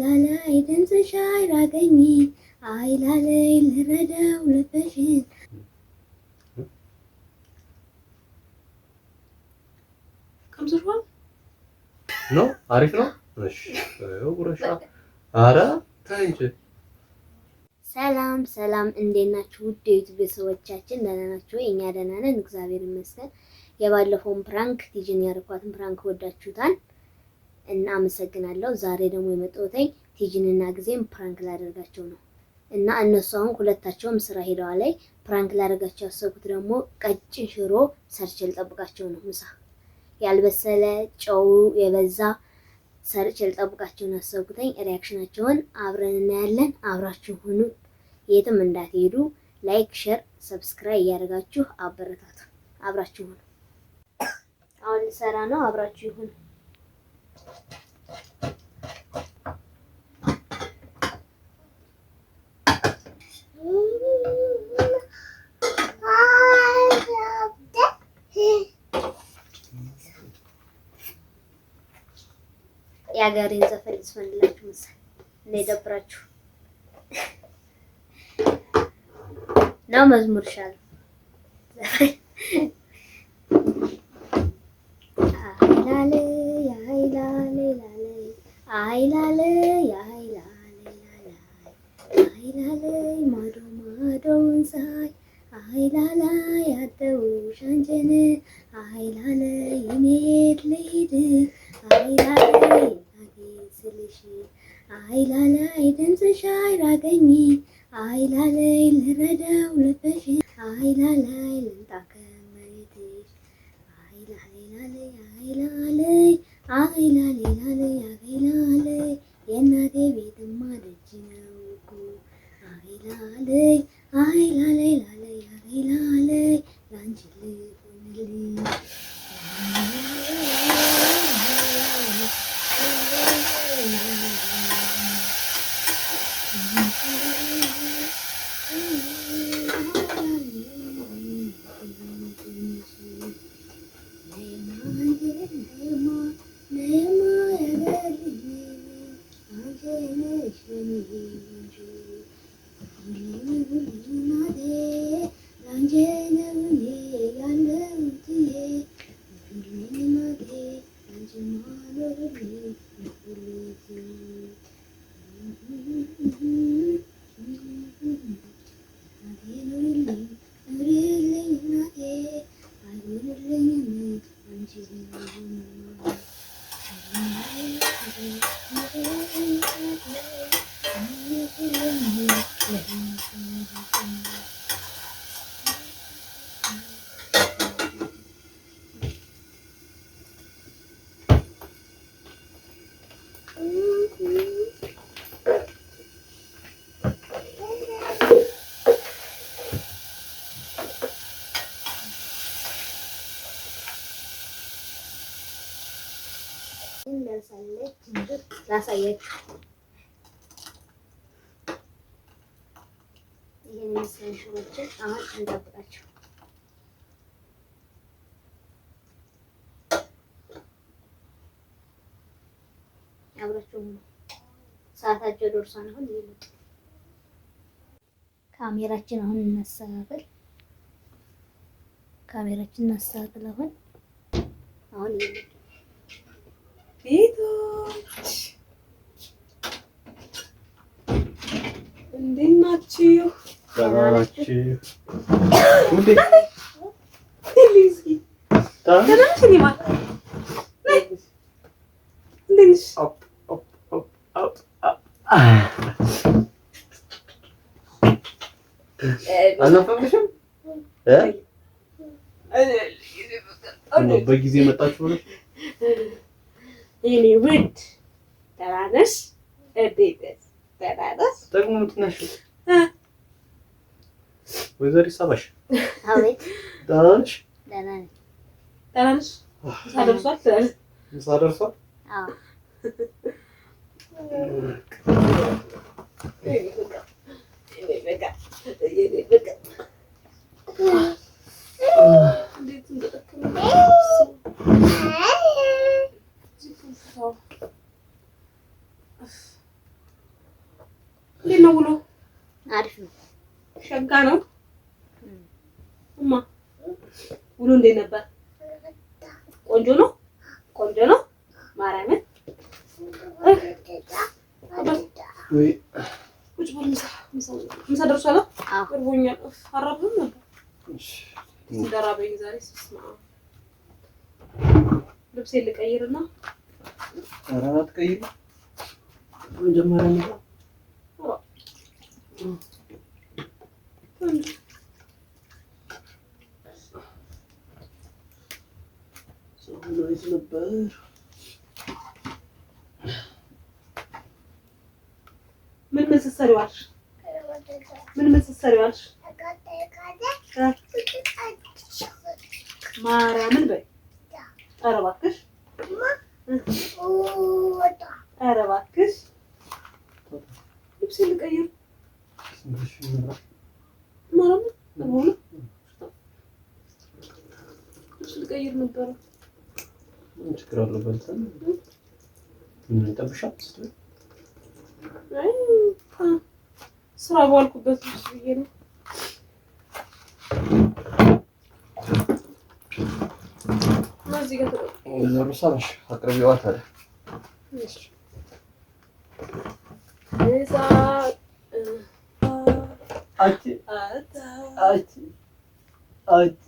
ላላይ ድምፅሽ አይራቀኝም አይ ላለይ ልረዳው ልበሽን ነው አሪፍ ነው። ኧረ ሰላም ሰላም፣ እንዴት ናችሁ ውድ የዩቲዩብ ቤተሰቦቻችን ደህና ናችሁ? እኛ ደህና ነን፣ እግዚአብሔር ይመስገን። የባለፈውን ፕራንክ ቲጂን ያደረኳትን ፕራንክ ወዳችሁታል? እና አመሰግናለሁ። ዛሬ ደግሞ የመጣሁትኝ ቲጂንና ጊዜም ፕራንክ ላደርጋቸው ነው እና እነሱ አሁን ሁለታቸውም ስራ ሄደዋ ላይ ፕራንክ ላደርጋቸው ያሰብኩት ደግሞ ቀጭን ሽሮ ሰርቼ ልጠብቃቸው ነው። ምሳ ያልበሰለ ጨው የበዛ ሰርቼ ልጠብቃቸውን ያሰብኩትኝ። ሪያክሽናቸውን አብረን እናያለን። አብራችሁ ሁኑ፣ የትም እንዳትሄዱ። ላይክ፣ ሼር፣ ሰብስክራይብ እያደረጋችሁ አበረታቱ። አብራችሁ ሁኑ። አሁን ልሰራ ነው። አብራችሁ ሁኑ። የሀገሬን ዘፈን ልስፈንላችሁ መሰል እና የደብራችሁ ነው መዝሙር ዘፈን ay, la ley. rasa ya የተወሰኑ ሽሮችን አሁን እንጠብቃቸው። አብራቸው ሰዓታቸው ደርሷን አሁን ካሜራችን አሁን እናስተካክል። ካሜራችን እናስተካክል። አሁን አሁን ቤቶች እንዴት ናችሁ? በጊዜ መጣችሁ ብለሽ የኔ ውድ ደህና ነሽ? እንዴት ደህና ነሽ? ደግሞ ምንድን ነሽ? ወይዘሪት ሳባሽ አቤት፣ ደህና ነሽ? ደህና ነኝ። ደህና ነሽ? ምሳ ደርሷል? ምሳ ደርሷል? አዎ። እንዴት ነው ውሎ? አሪፍ ነው። ሸጋ ነው። ውሎ እንዴት ነበር? ቆንጆ ነው፣ ቆንጆ ነው። ማርያምን ምሳ ደርሷል። ቅርቦኛል። አራብም ነበር ደራበኝ ዛሬ። ልብሴ ልቀይርና አራት ቀይር መጀመሪያ ነው ቡናዊት ነበር። ምን ምን ዋልሽ? ምን ምን ዋልሽ? ማርያምን በይ። ኧረ እባክሽ፣ ኧረ እባክሽ ልብስ ልቀይር ማርያምን ልብስ ልቀይር ነበረ ምን ችግር አለው? በልተን ምን ይጠብሻል? ስራ ባልኩበት ብዬ ነው። ሩሳሽ አቅርቢዋ ታዲያ አንቺ አንቺ አንቺ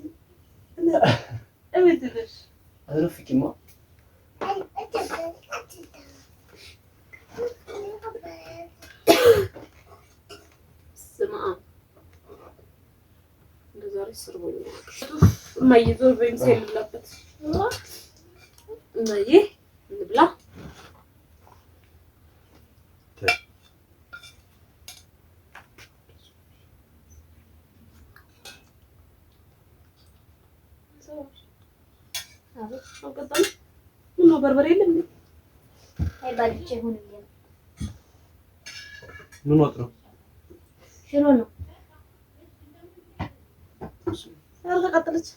እማዬ ዞር በይም ሳይልላበት እማዬ እንብላ ምነው በርበሬ የለም? ምን ወጥ ነው? ሽሮ ነው። ተቃጠለች።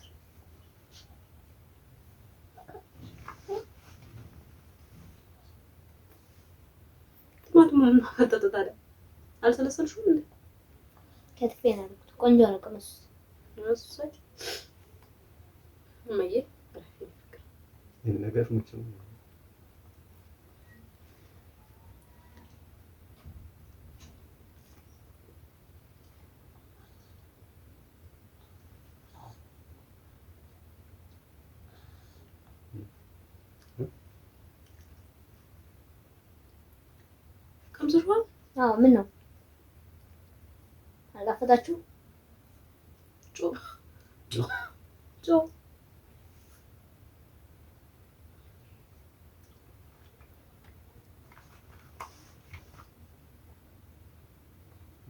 ቲማቲም ነው ከተጠ ታዲያ አልሰለሰልሽም እንዴ? ከትፌ ነው ቆንጆ ነው ቅመስ ነው ይሄን ነገር ምንጭ ነው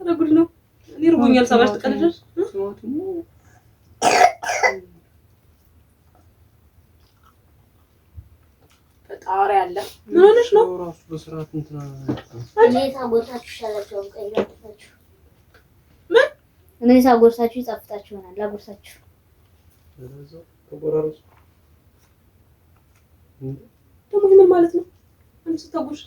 ኧረ ጉድ ነው። እኔ እርቦኛል። ሰባሽ ትቀልጃለሽ። ፈጣሪ አለ። ምን ሆነሽ ነው? ምን እኔ ሳጎርሳችሁ ይጣፍጣችሁ ይሆናል። ላጎርሳችሁ ደግሞ ምን ማለት ነው? አንቺ ስታጎርሽ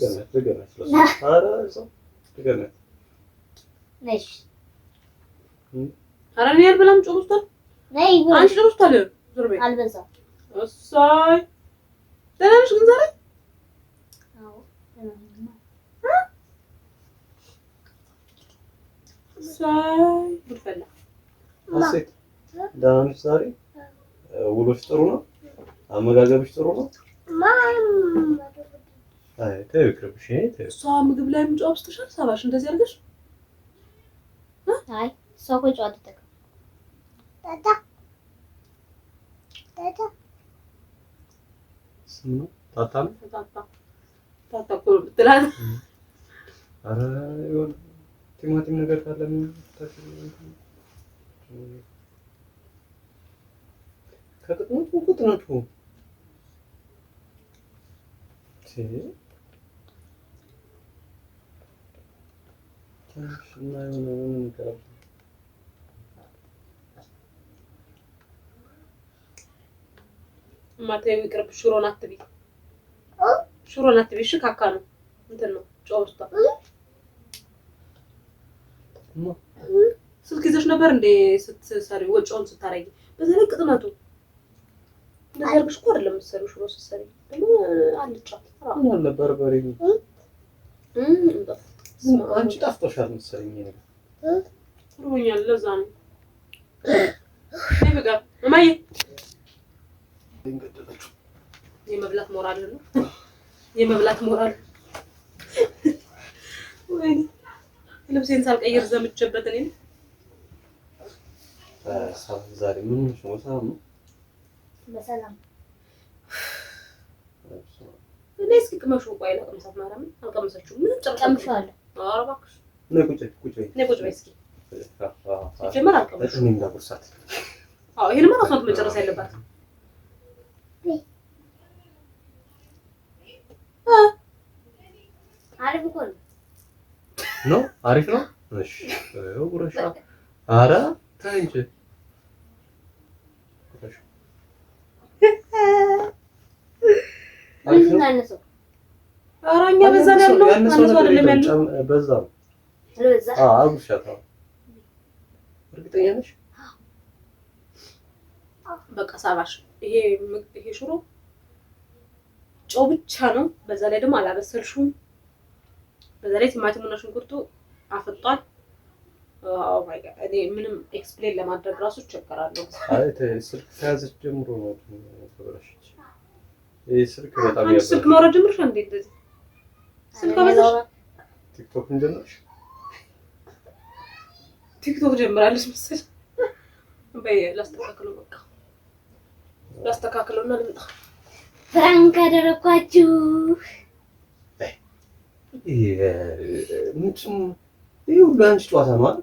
ደህና ነሽ? ዛሬ ውሎሽ ጥሩ ነው? አመጋገብሽ ጥሩ ነው? እሷ ምግብ ላይ ምጫ ውስጥሻል ሰባሽ እንደዚህ አድርገሽ እሷ እኮ ጨዋ ቲማቲም ነገር ካለ ከቅጥኖቹ ቅጥኖቹ ማታዊ ይቅርብ። ሽሮን አትቢ፣ ሽሮን አትቢ። እሺ ካካ ነው እንትን ነው ጨው ስልክ ይዘሽ ነበር እንዴ ስትሰሪ? ወጪውን ስታረጊ በተለይ ቅጥነቱ እንደዚህ እኮ አይደለም የምትሰሪው። ሽሮ ስትሰሪ ደግሞ አልጫ በርበሬ አንቺ ጣፍጦሻል መሰለኝ። ጥሩ ሆኛል። ለዛ ነው የመብላት ሞራል ነው የመብላት ሞራል። ወይ ልብሴን ሳልቀይር ዘምቼበት እኔ ዛሬ ምን ነው ሰላም ነው በሰላም እኔ እስኪ ቅመሹ ቆይ ለቅምሳት ማርያምን ምንም መጨረስ ያለባት አሪፍ እኮ ነው ነው አሪፍ ነው እሺ ጉረሻ ኧረ ተይ እንጂ ምንድን ነው ያነሳው ኧረ ይሄ ሽሮ ጨው ብቻ ነው። በዛ ላይ ደግሞ አላበሰልሽውም። በዛ ላይ ቲማቲሙና ሽንኩርቱ አፍጧል። እኔ ምንም ኤክስፕሌን ለማድረግ ራሱ እቸገራለሁ። አይ ስልክ ከያዘች ጀምሮ ነው ስልክ በጣም ያበላሽ እንዴ እንደዚህ ቲክቶክ ጀምራለች መሰለኝ። በይ ላስተካክለው፣ በቃ ላስተካክለው እና ልምጣ። ፍራንክ አደረኳችሁ። ይህ ሁሉ አንቺ ጨዋታ ነው አይደል?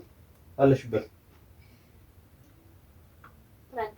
አለሽበት ፍራንክ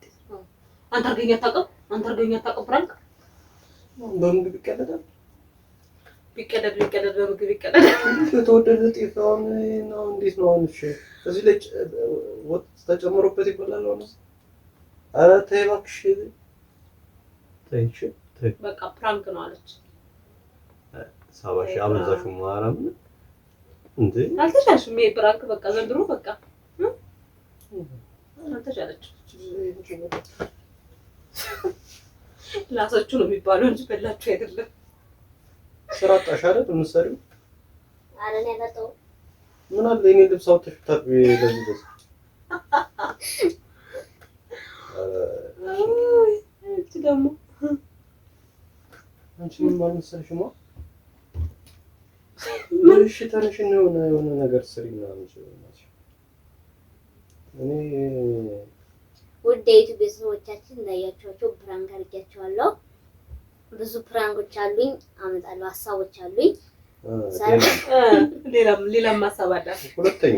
አንተ አድርገኝ አታውቅም፣ አንተ አድርገኝ አታውቅም። ፍራንክ በምግብ ይቀደዳል። ቢቀደድ ቢቀደድ በምግብ ይቀደዳል። የተወደደ ጤፍ አሁን ነው። እንዴት ነው አሁን? እሺ እዚህ ላይ ወጥ ተጨምሮበት ይበላል። አሁን ኧረ ተይ እባክሽ፣ ተይ እሺ፣ ተይ በቃ ፍራንክ ነው አለች። ሳባሽ አበዛሽ ማራም እንዴ አልተሻልሽም። ይሄ ፍራንክ በቃ ዘንድሮ በቃ አልተሻለችም። ላሳችሁ ነው የሚባለው እንጂ በላችሁ አይደለም። ስራ አጣሽ አይደል የምትሰሪው? ኧረ እኔ በጣም ምን አለ የእኔ ልብስ አውጥተሽ ብታጥቢ ለዚህ ደስ አንቺ ደግሞ አንቺ ምን ማለት መሰለሽማ ምን ተነሽ የሆነ የሆነ ነገር ስሪ ምናምን እኔ ውድ የዩቱብ ቤተሰቦቻችን እንዳያቸዋቸው ፕራንክ አድርጊያቸዋለሁ። ብዙ ፕራንኮች አሉኝ፣ አመጣለሁ። ሀሳቦች አሉኝ። ሌላም ሌላም ሀሳብ አለ። ሁለተኛ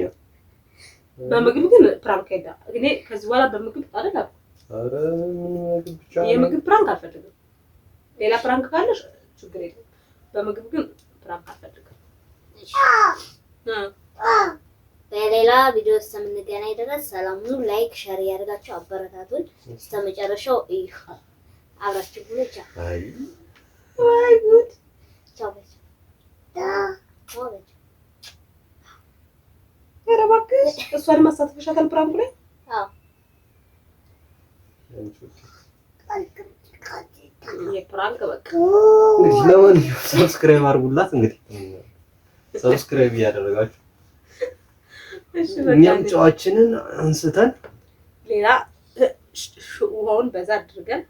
በምግብ ግን ፕራንክ አይዳ እኔ ከዚህ በኋላ በምግብ አይደል አልኩ። ኧረ ምግብ የምግብ ፕራንክ አልፈልግም። ሌላ ፕራንክ ካለሽ ችግር የለም። በምግብ ግን ፕራንክ አልፈልግም። ቪዲዮ እስከምንገናኝ ድረስ ሰላም ሁኑ። ላይክ ሸር ያደርጋችሁ አበረታቱን። እስከመጨረሻው እዩ፣ አብራችሁ ሁኑ። ቻው ወይ ጉድ ቻው እባክሽ እሷን ማሳተፍሻታል ፕራንኩ ላይ እንግዲህ ለማንኛውም ሰብስክራይብ አድርጉላት። እንግዲህ ሰብስክራይብ እያደረጋችሁ እኛም ጨዋችንን አንስተን ሌላ ውሃውን በዛ አድርገን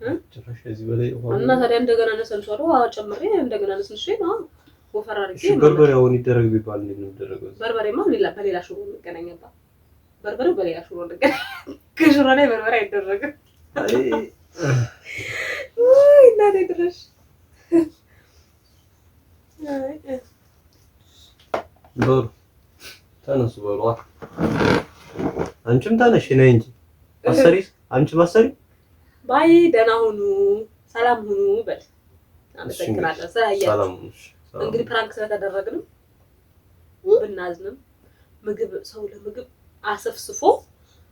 እና ታዲያ እንደገና ነሰንሷል። ውሃ ጨምሬ እንደገና ነሰንሽ ነው ወፈር አድርጌ በርበሬ አሁን ይደረግ ቢባል እንዴት ነው የሚደረገው? በርበሬማ በሌላ ሽሮ በርበሬው በሌላ ሽሮ ከሽሮ ላይ በርበሬ አይደረግም። አይ እናቴ ድረሽ ተነሱ በሏ። አንቺም ተነሽ ነይ እንጂ ባሰሪስ አንቺ ማሰሪ ባይ ደህና ሁኑ፣ ሰላም ሁኑ በል። አመሰግናለሁ። ሰላም እንግዲህ ፕራንክ ስለተደረግንም ብናዝንም ምግብ ሰው ለምግብ አሰፍስፎ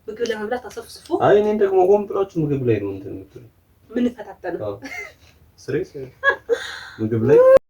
ምግብ ለመብላት አሰፍስፎ፣ አይ እኔን ደግሞ ምግብ ላይ ነው እንትን የምትሉ ምን ፈታተነው ምግብ ላይ